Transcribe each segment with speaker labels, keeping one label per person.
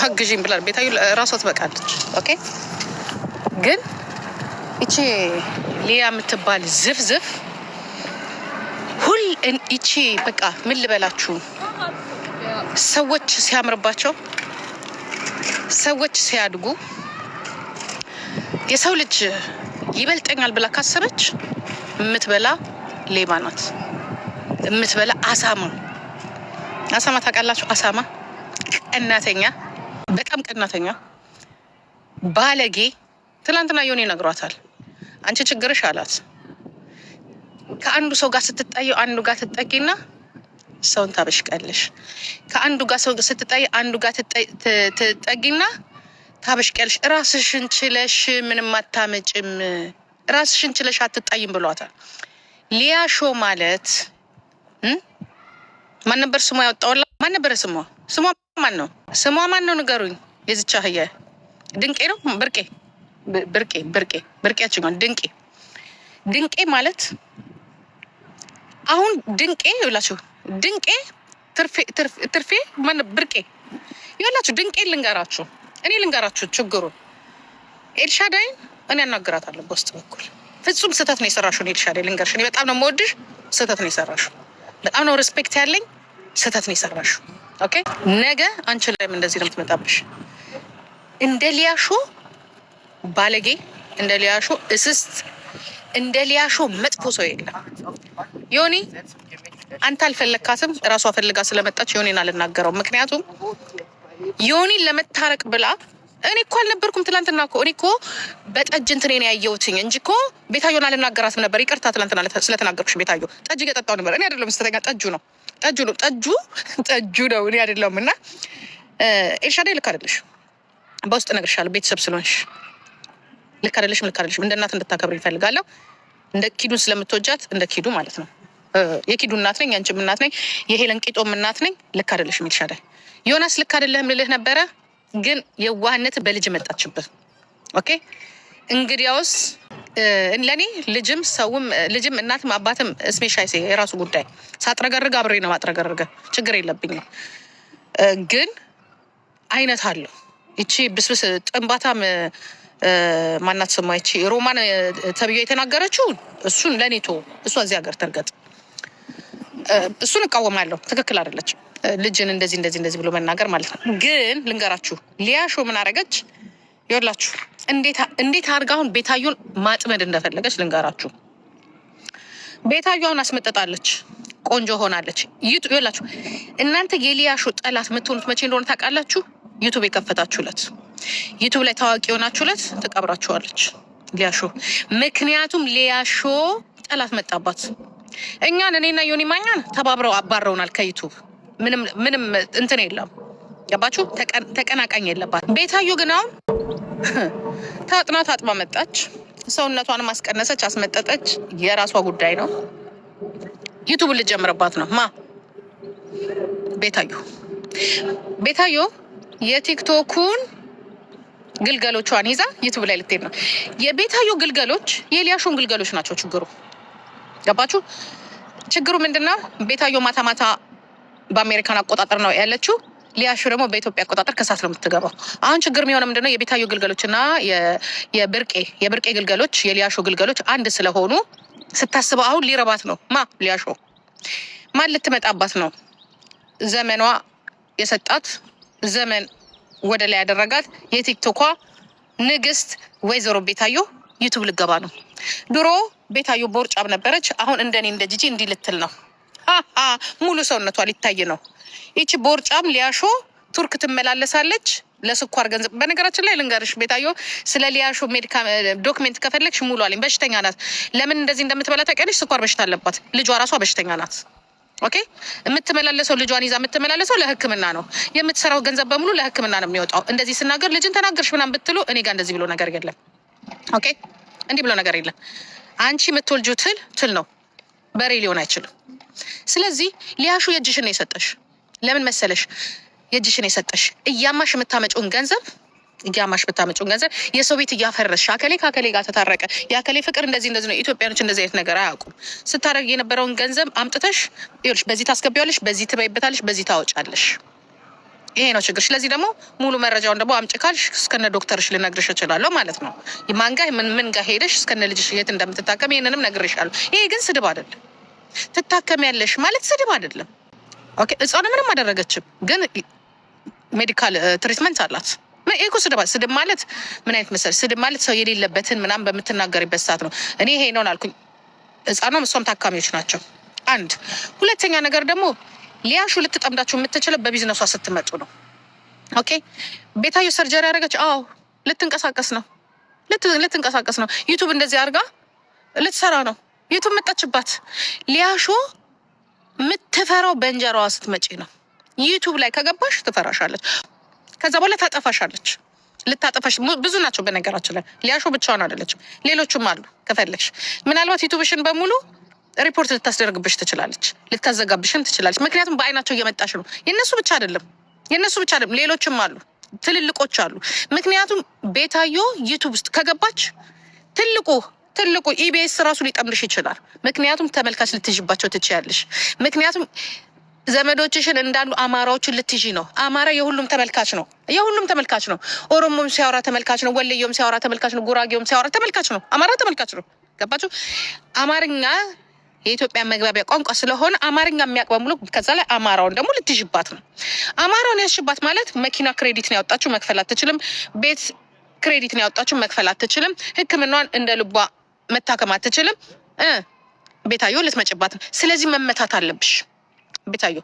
Speaker 1: ሀግ አግዢኝ ብላል። ቤታዩ ራሷ ትበቃለች። ኦኬ ግን ይቺ ሊያ የምትባል ዝፍዝፍ ሁል ይቺ በቃ ምን ልበላችሁ፣ ሰዎች ሲያምርባቸው፣ ሰዎች ሲያድጉ፣ የሰው ልጅ ይበልጠኛል ብላ ካሰበች የምትበላ ሌባ ናት። የምትበላ አሳማ አሳማ ታውቃላችሁ? አሳማ ቀናተኛ በጣም ቀናተኛ ባለጌ። ትናንትና የሆነ ይነግሯታል። አንቺ ችግርሽ አላት። ከአንዱ ሰው ጋር ስትጣየው አንዱ ጋር ትጠጊና ሰውን ታበሽቀልሽ። ከአንዱ ጋር ሰው ስትጣይ አንዱ ጋር ትጠጊና ታበሽቀልሽ። ራስሽን ችለሽ ምንም አታመጭም። ራስሽን ችለሽ አትጣይም ብሏታል። ሊያሾ ማለት ማን ነበር ስሟ? ያወጣውላ ማን ነበረ ስሟ ስሟ ማን ነው? ስሟ ማን ነው? ንገሩኝ። የዝቻ አህያ ድንቄ ነው ብርቄ ብርቄ ብርቄ ብርቄያችን ድንቄ ድንቄ ማለት አሁን ድንቄ ይላችሁ ድንቄ ትርፌ ማን ብርቄ ይላችሁ ድንቄ ልንገራችሁ እኔ ልንገራችሁ ችግሩ ኤልሻዳይን እኔ አናግራታለሁ በውስጥ በኩል ፍጹም ስህተት ነው የሰራሽው ኤልሻዳይ ልንገርሽ እኔ በጣም ነው የምወድሽ ስህተት ነው የሰራሽው በጣም ነው ሪስፔክት ያለኝ ስህተት ነው የሰራሽው ኦኬ። ነገ አንቺ ላይም እንደዚህ ነው የምትመጣብሽ። እንደ ሊያሾ ባለጌ፣ እንደ ሊያሾ እስስት፣ እንደ ሊያሾ መጥፎ ሰው የለም። ዮኒ አንተ አልፈለግካትም፣ እራሷ ፈልጋ ስለመጣች ዮኒን አልናገረው። ምክንያቱም ዮኒን ለመታረቅ ብላ እኔ እኮ አልነበርኩም። ትላንትና እኮ እኔ እኮ በጠጅ እንትኔን ያየሁትኝ እንጂ እኮ ቤታዮን አልናገራትም ነበር። ይቅርታ ትላንትና ስለተናገርኩሽ ቤታዮ። ጠጅ እየጠጣሁ ነበር እኔ አይደለም ስተኛ፣ ጠጁ ነው ጠጁ ነው ጠጁ ጠጁ ነው እኔ አይደለሁም። እና ኤልሻዳ ልክ አይደለሽ። በውስጥ እነግርሻለሁ ቤተሰብ ስለሆንሽ ልክ አይደለሽም፣ ልክ አይደለሽም። እንደ እናት እንድታከብር ይፈልጋለሁ። እንደ ኪዱን ስለምትወጃት እንደ ኪዱ ማለት ነው። የኪዱ እናት ነኝ፣ የአንቺም እናት ነኝ፣ የሄለን ቂጦም እናት ነኝ። ልክ አይደለሽም ኤልሻዳ። ዮናስ ልክ አይደለህም ልልህ ነበረ፣ ግን የዋህነት በልጅ መጣችበት። ኦኬ እንግዲያውስ ለእኔ ልጅም ሰውም ልጅም እናትም አባትም እስሜ ሴ የራሱ ጉዳይ ሳጥረገርግ አብሬ ነው ማጥረገርግ ችግር የለብኝም። ግን አይነት አለው። ይቺ ብስብስ ጥንባታም ማናት ስማ ይቺ ሮማን ተብዬ የተናገረችው እሱን ለኔቶ እሷ እዚህ ሀገር ተርገጥ እሱን እቃወማለሁ። ትክክል አይደለችም። ልጅን እንደዚህ እንደዚህ እንደዚህ ብሎ መናገር ማለት ነው። ግን ልንገራችሁ ሊያሾ ምን አረገች? ይወላችሁ እንዴት አድርጋ አሁን ቤታዮን ማጥመድ እንደፈለገች ልንገራችሁ። ቤታዮን አስመጠጣለች፣ ቆንጆ ሆናለች። ይወላችሁ እናንተ የሊያሹ ጠላት የምትሆኑት መቼ እንደሆነ ታውቃላችሁ? ዩቱብ የከፈታችሁለት፣ ዩቱብ ላይ ታዋቂ የሆናችሁለት ትቀብራችኋለች ሊያሾ። ምክንያቱም ሊያሾ ጠላት መጣባት። እኛን እኔና ዮኒ ማኛን ተባብረው አባረውናል ከዩቱብ ምንም ምንም እንትን የለም። ገባችሁ? ተቀናቃኝ የለባት። ቤታዩ ግን አሁን ታጥና ታጥባ መጣች። ሰውነቷን ማስቀነሰች፣ አስመጠጠች፣ የራሷ ጉዳይ ነው። ዩቱብ ልጀምርባት ነው ማ ቤታዩ ቤታዩ የቲክቶኩን ግልገሎቿን ይዛ ዩቱብ ላይ ልትሄድ ነው። የቤታዩ ግልገሎች የሊያሹን ግልገሎች ናቸው ችግሩ። ገባችሁ? ችግሩ ምንድነው? ነው? ቤታዩ ማታ ማታ በአሜሪካን አቆጣጠር ነው ያለችው። ሊያሹ ደግሞ በኢትዮጵያ አቆጣጠር ከሳት ነው የምትገባው። አሁን ችግር የሚሆነው ምንድነው የቤታዩ ግልገሎችና የብርቄ የብርቄ ግልገሎች የሊያሾ ግልገሎች አንድ ስለሆኑ ስታስበው አሁን ሊረባት ነው። ማ ሊያሾ ማን ልትመጣባት ነው? ዘመኗ የሰጣት ዘመን ወደ ላይ ያደረጋት የቲክቶኳ ንግስት ወይዘሮ ቤታዩ ዩቱብ ልገባ ነው። ድሮ ቤታዩ ቦርጫም ነበረች። አሁን እንደኔ እንደ ጂጂ እንዲህ ልትል ነው። ሙሉ ሰውነቷ ሊታይ ነው። ይቺ ቦርጫም ሊያሾ ቱርክ ትመላለሳለች ለስኳር ገንዘብ። በነገራችን ላይ ልንገርሽ ቤታየው ስለ ሊያሾ ዶክሜንት ከፈለግሽ ሙሉ አለኝ። በሽተኛ ናት። ለምን እንደዚህ እንደምትበላ ታውቂያለሽ? ስኳር በሽታ አለባት። ልጇ ራሷ በሽተኛ ናት። ኦኬ የምትመላለሰው ልጇን ይዛ የምትመላለሰው ለሕክምና ነው። የምትሰራው ገንዘብ በሙሉ ለሕክምና ነው የሚወጣው። እንደዚህ ስናገር ልጅን ተናገርሽ ምናምን ብትሉ እኔ ጋር እንደዚህ ብሎ ነገር የለም። ኦኬ እንዲህ ብሎ ነገር የለም። አንቺ የምትወልጁ ትል ትል ነው። በሬ ሊሆን አይችልም። ስለዚህ ሊያሹ የእጅሽን ነው የሰጠሽ። ለምን መሰለሽ? የእጅሽን የሰጠሽ እያማሽ የምታመጪውን ገንዘብ እያማሽ የምታመጪውን ገንዘብ የሰው ቤት እያፈረስሽ አከሌ ከአከሌ ጋር ተታረቀ፣ የአከሌ ፍቅር እንደዚህ እንደዚህ ነው። ኢትዮጵያኖች እንደዚህ አይነት ነገር አያውቁም። ስታደርግ የነበረውን ገንዘብ አምጥተሽ ይኸውልሽ፣ በዚህ ታስገቢዋለሽ፣ በዚህ ትበይበታለሽ፣ በዚህ ታወጫለሽ። ይሄ ነው ችግር። ስለዚህ ደግሞ ሙሉ መረጃውን ደግሞ አምጭ ካልሽ እስከነ ዶክተርሽ ልነግርሽ እችላለሁ ማለት ነው። ማንጋ ምን ምን ጋር ሄደሽ እስከነ ልጅሽ የት እንደምትታከም ይህንንም ነግርሻለሁ። ይሄ ግን ስድብ አይደለም። ትታከሚያለሽ ማለት ስድብ አይደለም። ኦኬ ምንም አደረገችም፣ ግን ሜዲካል ትሪትመንት አላት። ይህ ስድብ ስድብ ማለት ምን አይነት መሰል ስድብ ማለት ሰው የሌለበትን ምናምን በምትናገርበት ሰዓት ነው። እኔ ይሄ ነውን አልኩኝ። ህፃኗም እሷም ታካሚዎች ናቸው። አንድ ሁለተኛ ነገር ደግሞ ሊያሹ ልትጠምዳቸው የምትችለው በቢዝነሷ ስትመጡ ነው። ኦኬ ቤታዩ ሰርጀሪ ያደረገች አዎ፣ ልትንቀሳቀስ ነው ልትንቀሳቀስ ነው። ዩቱብ እንደዚህ አድርጋ ልትሰራ ነው። የቱ መጣችባት ሊያሾ የምትፈራው በእንጀራዋ ስትመጪ ነው። ዩቱብ ላይ ከገባሽ ትፈራሻለች፣ ከዛ በኋላ ታጠፋሻለች። ልታጠፋሽ ብዙ ናቸው። በነገራችን ላይ ሊያሾ ብቻዋን አይደለችም፣ ሌሎችም አሉ። ከፈለግሽ ምናልባት ዩቱብሽን በሙሉ ሪፖርት ልታስደርግብሽ ትችላለች፣ ልታዘጋብሽም ትችላለች። ምክንያቱም በአይናቸው እየመጣሽ ነው። የእነሱ ብቻ አይደለም፣ የእነሱ ብቻ አይደለም፣ ሌሎችም አሉ፣ ትልልቆች አሉ። ምክንያቱም ቤታዮ ዩቱብ ውስጥ ከገባች ትልቁ ትልቁ ኢቢኤስ ራሱ ሊጠምድሽ ይችላል። ምክንያቱም ተመልካች ልትይዥባቸው ትችያለሽ። ምክንያቱም ዘመዶችሽን እንዳሉ አማራዎችን ልትይዢ ነው። አማራ የሁሉም ተመልካች ነው። የሁሉም ተመልካች ነው። ኦሮሞም ሲያወራ ተመልካች ነው። ወለየውም ሲያወራ ተመልካች ነው። ጉራጌውም ሲያወራ ተመልካች ነው። አማራ ተመልካች ነው። ገባችሁ? አማርኛ የኢትዮጵያ መግባቢያ ቋንቋ ስለሆነ አማርኛ የሚያቅባ ሙሉ ከዛ ላይ አማራውን ደግሞ ልትይዥባት ነው። አማራውን ያሽባት ማለት መኪና ክሬዲት ነው ያወጣችሁ መክፈል አትችልም። ቤት ክሬዲት ነው ያወጣችሁ መክፈል አትችልም። ሕክምናዋን እንደ ልቧ መታከም አትችልም። ቤታዮ ልትመጭባት ነው። ስለዚህ መመታት አለብሽ ቤታዮ።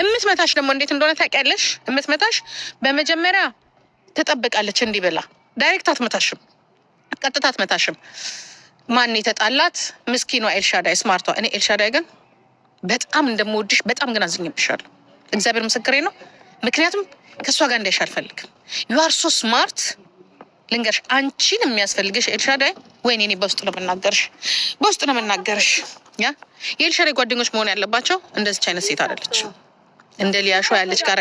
Speaker 1: እምትመታሽ ደግሞ እንዴት እንደሆነ ታውቂያለሽ። እምትመታሽ በመጀመሪያ ትጠብቃለች እንዲበላ ዳይሬክት አትመታሽም፣ ቀጥታ አትመታሽም። ማን የተጣላት ምስኪኗ ኤልሻዳይ ስማርቷ። እኔ ኤልሻዳይ ግን በጣም እንደምወድሽ በጣም ግን አዝኜብሻለሁ። እግዚአብሔር ምስክሬ ነው። ምክንያቱም ከእሷ ጋር እንዳይሽ አልፈልግም። ዩ አር ሶ ስማርት ልንገርሽ፣ አንቺን የሚያስፈልግሽ ኤልሻዳይ። ወይኔ እኔ በውስጡ ነው የምናገርሽ፣ በውስጡ ነው የምናገርሽ። ያ የኤልሻዳይ ጓደኞች መሆን ያለባቸው እንደዚች አይነት ሴት አይደለች። እንደ ሊያሾ ያለች ጋር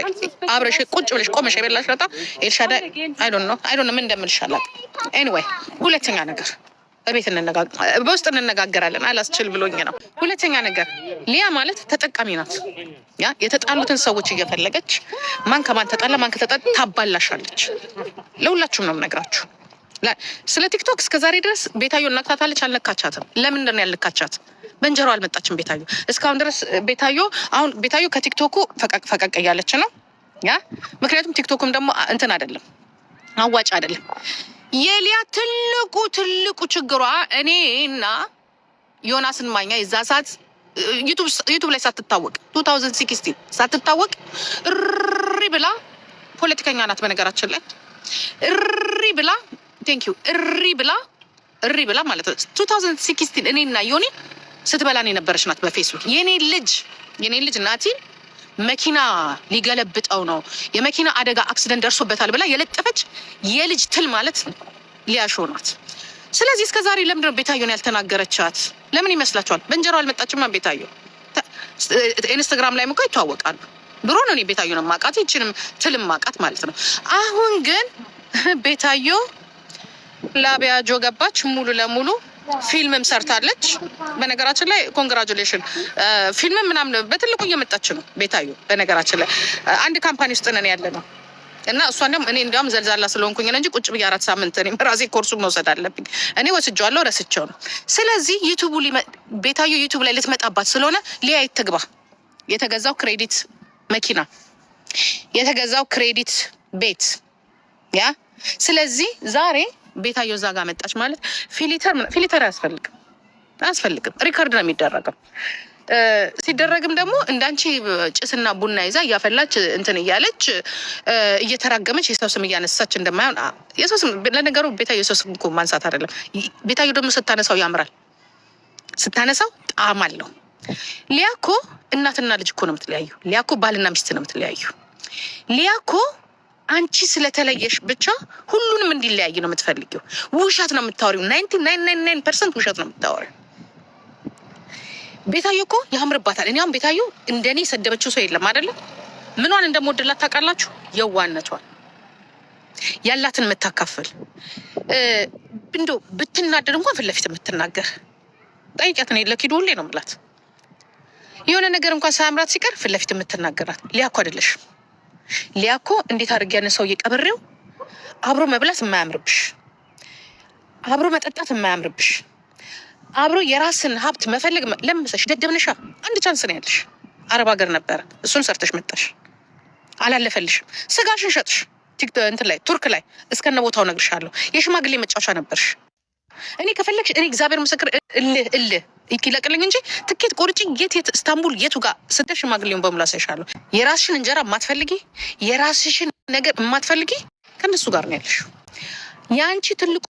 Speaker 1: አብረሽ ቁጭ ብለሽ ቆመሽ የበላሽ ለጣ ኤልሻዳይ። አይ ዶንት ኖ አይ ምን እንደምልሽ አላውቅም። ኤኒዌይ ሁለተኛ ነገር እቤት በውስጥ እንነጋገራለን። አላስችል ብሎኝ ነው። ሁለተኛ ነገር ሊያ ማለት ተጠቃሚ ናት። ያ የተጣሉትን ሰዎች እየፈለገች ማን ከማን ተጣላ፣ ማን ከተጣ ታባላሻለች። ለሁላችሁም ነው የምነግራችሁ። ስለ ቲክቶክ እስከዛሬ ድረስ ቤታዮ እናክታታለች፣ አልነካቻትም። ለምንድን ነው ያልነካቻት? በእንጀሮ አልመጣችም ቤታዮ እስካሁን ድረስ። ቤታዮ አሁን ቤታዮ ከቲክቶኩ ፈቀቅ እያለች ነው ያ ምክንያቱም ቲክቶኩም ደግሞ እንትን አይደለም አዋጭ አይደለም። የሊያ ትልቁ ትልቁ ችግሯ እኔ እና ዮናስን ማኛ የዛ ሰዓት ዩቱብ ላይ ሳትታወቅ 2016 ሳትታወቅ እሪ ብላ ፖለቲከኛ ናት። በነገራችን ላይ እሪ ብላ ቴንክ ዩ እሪ ብላ እሪ ብላ ማለት ነው 2016 እኔ ዮኒ ስትበላን የነበረች ናት። በፌስቡክ የኔ ልጅ የኔ ልጅ ናቲ መኪና ሊገለብጠው ነው የመኪና አደጋ አክሲደንት ደርሶበታል ብላ የለጠፈች የልጅ ትል ማለት ሊያሾ ናት። ስለዚህ እስከ ዛሬ ለምንድን ነው ቤታዮን ያልተናገረቻት? ለምን ይመስላችኋል? በእንጀራው አልመጣችማ። ቤታዮ ኢንስታግራም ላይ ሙካ ይተዋወቃሉ። ብሮ ነው እኔ ቤታዮን ማቃት ይችንም ትልም ማቃት ማለት ነው። አሁን ግን ቤታዮ ላቢያጆ ገባች ሙሉ ለሙሉ ፊልምም ሰርታለች። በነገራችን ላይ ኮንግራጁሌሽን ፊልምም ምናምን በትልቁ እየመጣች ነው ቤታዩ። በነገራችን ላይ አንድ ካምፓኒ ውስጥ ነን ያለ ነው እና እሷ እንዲያውም እኔ እንዲያውም ዘልዛላ ስለሆንኩኝ ነው እንጂ ቁጭ ብዬ አራት ሳምንት እኔም ራሴ ኮርሱ መውሰድ አለብኝ። እኔ ወስጄዋለሁ፣ ረስቼው ነው። ስለዚህ ዩቱቡ ቤታዩ ዩቱብ ላይ ልትመጣባት ስለሆነ ሊያ ይትግባ። የተገዛው ክሬዲት መኪና፣ የተገዛው ክሬዲት ቤት ያ ስለዚህ ዛሬ ቤታየው እዛ ጋር መጣች ማለት ፊሊተር ፊሊተር አያስፈልግም አያስፈልግም። ሪከርድ ነው የሚደረገው። ሲደረግም ደግሞ እንዳንቺ ጭስና ቡና ይዛ እያፈላች እንትን እያለች እየተራገመች የሰው ስም እያነሳች እንደማይሆን የሰው ስም ለነገሩ ቤታዮ የሰው ስም እኮ ማንሳት አይደለም። ቤታዮ ደግሞ ስታነሳው ያምራል፣ ስታነሳው ጣዕም አለው። ሊያኮ እናትና ልጅ እኮ ነው የምትለያዩ። ሊያኮ ባልና ሚስት ነው የምትለያዩ። ሊያኮ አንቺ ስለተለየሽ ብቻ ሁሉንም እንዲለያይ ነው የምትፈልጊው። ውሸት ነው የምታወሪው። ናይንቲ ናይን ናይን ናይን ፐርሰንት ውሸት ነው የምታወሪው። ቤታዮ እኮ ያምርባታል። እኔ አሁን ቤታዮ እንደኔ የሰደበችው ሰው የለም አይደለም። ምኗን እንደምወድላት ታውቃላችሁ? የዋነቷን ያላትን የምታካፍል እንዶ ብትናደድ እንኳን ፊት ለፊት የምትናገር ጠይቂያት። እኔ ሁሌ ነው የምላት የሆነ ነገር እንኳን ሳያምራት ሲቀር ፊት ለፊት የምትናገራት ሊያኳ አይደለሽም ሊያኮ እንዴት አድርጌ ያን ሰውዬ ቀብሬው፣ አብሮ መብላት የማያምርብሽ፣ አብሮ መጠጣት የማያምርብሽ፣ አብሮ የራስን ሀብት መፈለግ ለምሰሽ ደደብንሻ። አንድ ቻንስ ነው ያለሽ። አረብ ሀገር ነበረ፣ እሱን ሰርተሽ መጣሽ፣ አላለፈልሽም። ስጋሽን ሸጥሽ እንትን ላይ ቱርክ ላይ እስከነ ቦታው ነግርሻለሁ። የሽማግሌ መጫወቻ ነበርሽ። እኔ ከፈለግሽ እኔ እግዚአብሔር ምስክር እልህ እልህ ይለቅልኝ እንጂ ትኬት ቆርጪ የት የት እስታንቡል የቱ ጋር ስትል ሽማግሌውን በሙሉ አሳይሻለሁ። የራስሽን እንጀራ የማትፈልጊ የራስሽን ነገር የማትፈልጊ ከነሱ ጋር ነው ያለሽ። የአንቺ ትልቁ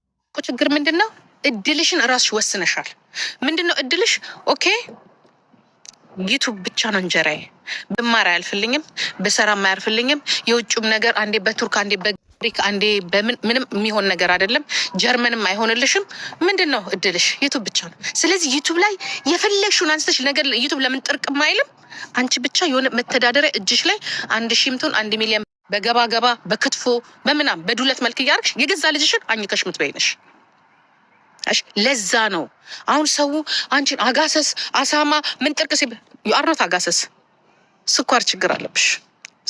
Speaker 1: ችግር ምንድን ነው? እድልሽን ራስሽ ወስነሻል። ምንድን ነው እድልሽ? ኦኬ ዩቱብ ብቻ ነው እንጀራዬ፣ ብማር አያልፍልኝም፣ ብሰራም አያልፍልኝም። የውጭም ነገር አንዴ በቱርክ አንዴ በ ሪክ አንዴ ምንም የሚሆን ነገር አይደለም። ጀርመንም አይሆንልሽም። ምንድን ነው እድልሽ? ዩቱብ ብቻ ነው። ስለዚህ ዩቱብ ላይ የፈለግሽውን አንስተሽ ነገር ዩቱብ ለምን ጥርቅም አይልም? አንቺ ብቻ የሆነ መተዳደሪያ እጅሽ ላይ አንድ ሺህ አንድ ሚሊዮን በገባ ገባ በክትፎ በምናም በዱለት መልክ እያደረግሽ የገዛ ልጅሽን አኝከሽ ምትበይ ነሽ። ለዛ ነው አሁን ሰው አንቺን አጋሰስ አሳማ ምን ሲ አርኖት አጋሰስ ስኳር ችግር አለብሽ።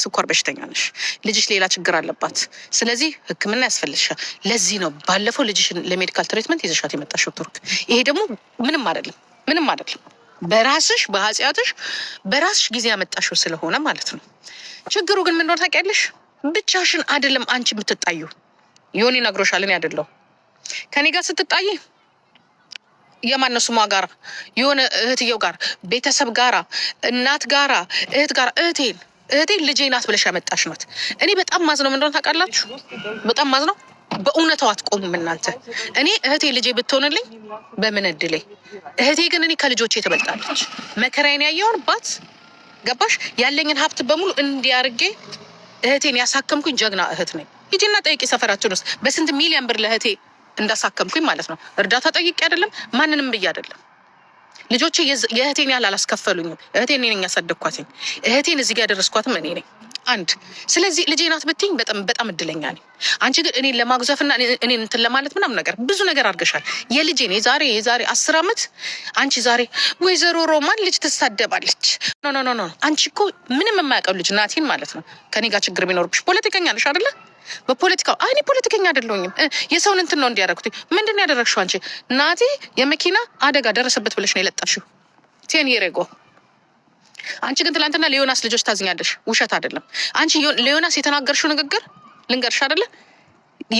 Speaker 1: ስኳር በሽተኛ ነሽ፣ ልጅሽ ሌላ ችግር አለባት፣ ስለዚህ ሕክምና ያስፈልግሻል። ለዚህ ነው ባለፈው ልጅሽን ለሜዲካል ትሬትመንት ይዘሻት የመጣሽው ቱርክ። ይሄ ደግሞ ምንም አይደለም፣ ምንም አይደለም። በራስሽ በኃጢአትሽ በራስሽ ጊዜ ያመጣሽው ስለሆነ ማለት ነው። ችግሩ ግን ምን እንደሆነ ታውቂያለሽ? ብቻሽን አይደለም አንቺ የምትጣዩ ዮኒ ነግሮሻል። እኔ አይደለሁ ከኔ ጋር ስትጣይ የማነሱ ስሟ ጋራ የሆነ እህትየው ጋር ቤተሰብ ጋራ እናት ጋራ እህት ጋራ እህቴን እህቴ ልጄ ናት ብለሽ ያመጣሽ ናት። እኔ በጣም ማዝ ነው ምንድነው ታውቃላችሁ? በጣም ማዝ ነው። በእውነታው አትቆሙም እናንተ። እኔ እህቴ ልጄ ብትሆንልኝ በምን እድሌ። እህቴ ግን እኔ ከልጆቼ ትበልጣለች። መከራዬን ያየሁባት ገባሽ? ያለኝን ሀብት በሙሉ እንዲያርጌ እህቴን ያሳከምኩኝ ጀግና እህት ነኝ። ሂጂና ጠይቂ ሰፈራችን ውስጥ በስንት ሚሊዮን ብር ለእህቴ እንዳሳከምኩኝ ማለት ነው። እርዳታ ጠይቄ አይደለም ማንንም ብዬ አይደለም ልጆች የእህቴን ያህል አላስከፈሉኝም። እህቴን ነኝ ያሳደግኳትኝ። እህቴን እዚህ ጋር ያደረስኳትም እኔ ነኝ። አንድ ስለዚህ ልጄ ናት ብትኝ በጣም በጣም እድለኛ ነኝ። አንቺ ግን እኔን ለማጉዛፍና እኔን እንትን ለማለት ምናምን ነገር ብዙ ነገር አድርገሻል። የልጄን የዛሬ የዛሬ አስር ዓመት አንቺ ዛሬ ወይዘሮ ሮማን ልጅ ትሳደባለች። ኖ ኖ ኖ፣ አንቺ እኮ ምንም የማያውቀው ልጅ ናቲን ማለት ነው። ከኔ ጋር ችግር ቢኖርብሽ ፖለቲከኛ ነሽ አይደለ በፖለቲካው እኔ ፖለቲከኛ አይደለሁኝም። የሰውን እንትን ነው እንዲያደረግኩት። ምንድን ነው ያደረግሽው አንቺ? ናቲ የመኪና አደጋ ደረሰበት ብለሽ ነው የለጠፍሽው። ቴን የሬጎ አንቺ ግን ትላንትና ለዮናስ ልጆች ታዝኛለሽ። ውሸት አይደለም። አንቺ ለዮናስ የተናገርሽው ንግግር ልንገርሽ አይደለ?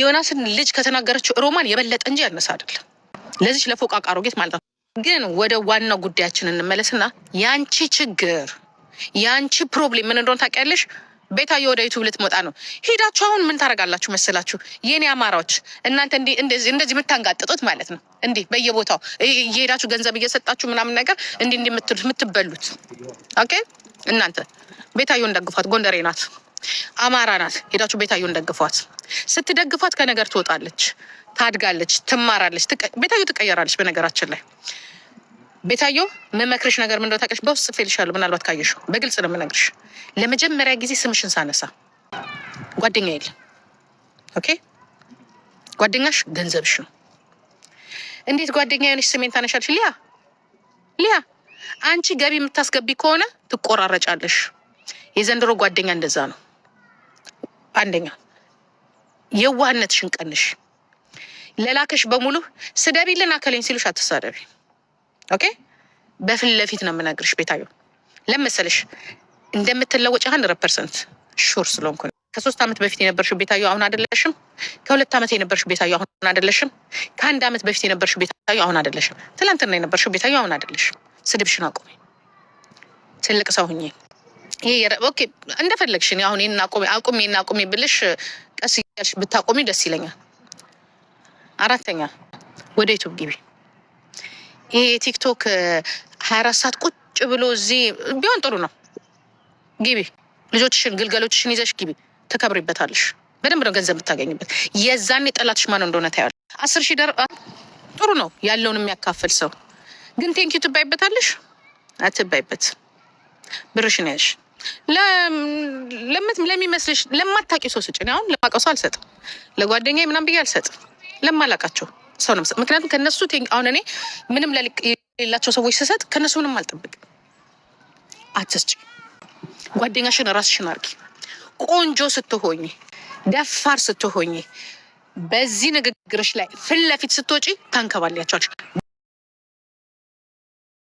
Speaker 1: ዮናስን ልጅ ከተናገረችው ሮማን የበለጠ እንጂ ያነሰ አይደለም። ለዚች ለፎቃቃ ጌት ማለት ነው። ግን ወደ ዋናው ጉዳያችን እንመለስና ያንቺ ችግር ያንቺ ፕሮብሌም ምን እንደሆነ ታውቂያለሽ? ቤታየ ወደ ዩቱብ ልትመጣ ነው። ሄዳችሁ አሁን ምን ታደርጋላችሁ መሰላችሁ? የኔ አማራዎች እናንተ እንደዚህ የምታንጋጥጡት ማለት ነው። እንዲህ በየቦታው እየሄዳችሁ ገንዘብ እየሰጣችሁ ምናምን ነገር እንዲህ እንዲህ የምትበሉት ኦኬ። እናንተ ቤታዬን ደግፏት፣ ጎንደሬ ናት፣ አማራ ናት። ሄዳችሁ ቤታዮን ደግፏት። ስትደግፏት ከነገር ትወጣለች፣ ታድጋለች፣ ትማራለች። ቤታዬ ትቀየራለች። በነገራችን ላይ ቤታየው መመክርሽ ነገር ምንድነው ታውቂያለሽ? በውስጥ ጽፌልሻለሁ። ምናልባት ካየሽ በግልጽ ነው የምነግርሽ። ለመጀመሪያ ጊዜ ስምሽን ሳነሳ ጓደኛ የለም። ኦኬ፣ ጓደኛሽ ገንዘብሽ ነው። እንዴት ጓደኛ የሆነች ስሜን ታነሻለሽ? ሊያ ሊያ፣ አንቺ ገቢ የምታስገቢ ከሆነ ትቆራረጫለሽ። የዘንድሮ ጓደኛ እንደዛ ነው። አንደኛ የዋህነትሽን ቀንሽ። ለላከሽ በሙሉ ስደቢልን አከለኝ ሲሉሽ አትሳደቢ። ኦኬ በፊት ለፊት ነው የምነግርሽ ቤታዩ ለመሰልሽ እንደምትለወጭ ሀንድረድ ፐርሰንት ሹር ስለሆንኩ ከሶስት ዓመት በፊት የነበርሽው ቤታዩ አሁን አይደለሽም። ከሁለት ዓመት የነበርሽው ቤታዩ አሁን አይደለሽም። ከአንድ ዓመት በፊት የነበርሽው ቤታዩ አሁን አይደለሽም። ትላንትና የነበርሽው ቤታዩ አሁን አይደለሽም። ስድብሽን አቁሜ ትልቅ ሰው ሁኜ እንደፈለግሽ አሁን አቁሜ እና አቁሜ ብልሽ ቀስ ብታቆሚ ደስ ይለኛል። አራተኛ ወደ ዩቱብ ግቢ ይሄ የቲክቶክ ሀያ አራት ሰዓት ቁጭ ብሎ እዚህ ቢሆን ጥሩ ነው። ግቢ ልጆችሽን ግልገሎችሽን ይዘሽ ግቢ፣ ትከብሪበታለሽ። በደንብ ነው ገንዘብ የምታገኝበት። የዛን የጠላትሽ ማነው እንደሆነ ታያለሽ። አስር ሺህ ደር ጥሩ ነው ያለውን የሚያካፍል ሰው ግን ቴንኪ ትባይበታለሽ አትባይበት። ብርሽን ያልሽ ለሚመስልሽ ለማታቂ ሰው ስጭ። አሁን ለማቀው ሰው አልሰጥም፣ ለጓደኛ ምናም ብዬ አልሰጥም፣ ለማላቃቸው ሰው ነው። ምክንያቱም ከነሱ አሁን እኔ ምንም የሌላቸው ሰዎች ስሰጥ ከነሱ ምንም አልጠብቅም። አትስጭ፣ ጓደኛሽን ራስሽን አርጊ። ቆንጆ ስትሆኝ፣ ደፋር ስትሆኝ፣ በዚህ ንግግርሽ ላይ ፊት ለፊት ስትወጪ ታንከባልያቸዋል።